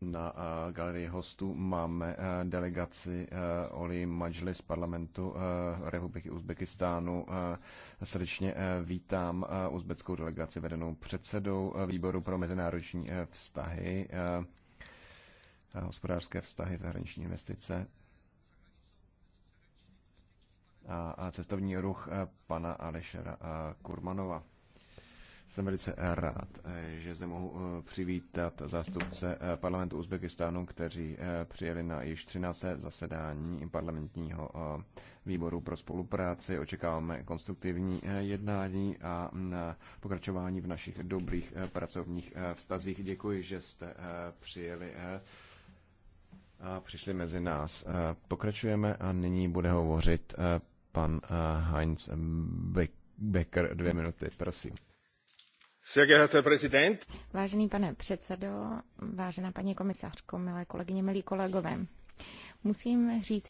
Na eh, galerii hostů máme eh, delegaci eh, Oli Majli z parlamentu Republiky Uzbekistánu. Srdečně vítám uzbeckou delegaci vedenou předsedou výboru pro mezinárodní vztahy, hospodářské vztahy, zahraniční investice a cestovní ruch pana Alešera Kurmanova. Jsem velice rád, eh, že zde mohu eh, přivítat zástupce eh, parlamentu Uzbekistánu, kteří přijeli na již 13. zasedání parlamentního výboru pro spolupráci. Očekáváme konstruktivní jednání a mm, pokračování v našich dobrých pracovních vztazích. Děkuji, že jste přijeli a přišli mezi nás. Pokračujeme a nyní bude hovořit pan Heinz Becker. Dvě minuty, prosím. Vážený pane předsedo, vážená paní komisařko, milé kolegyně, milí kolegové, musím říct,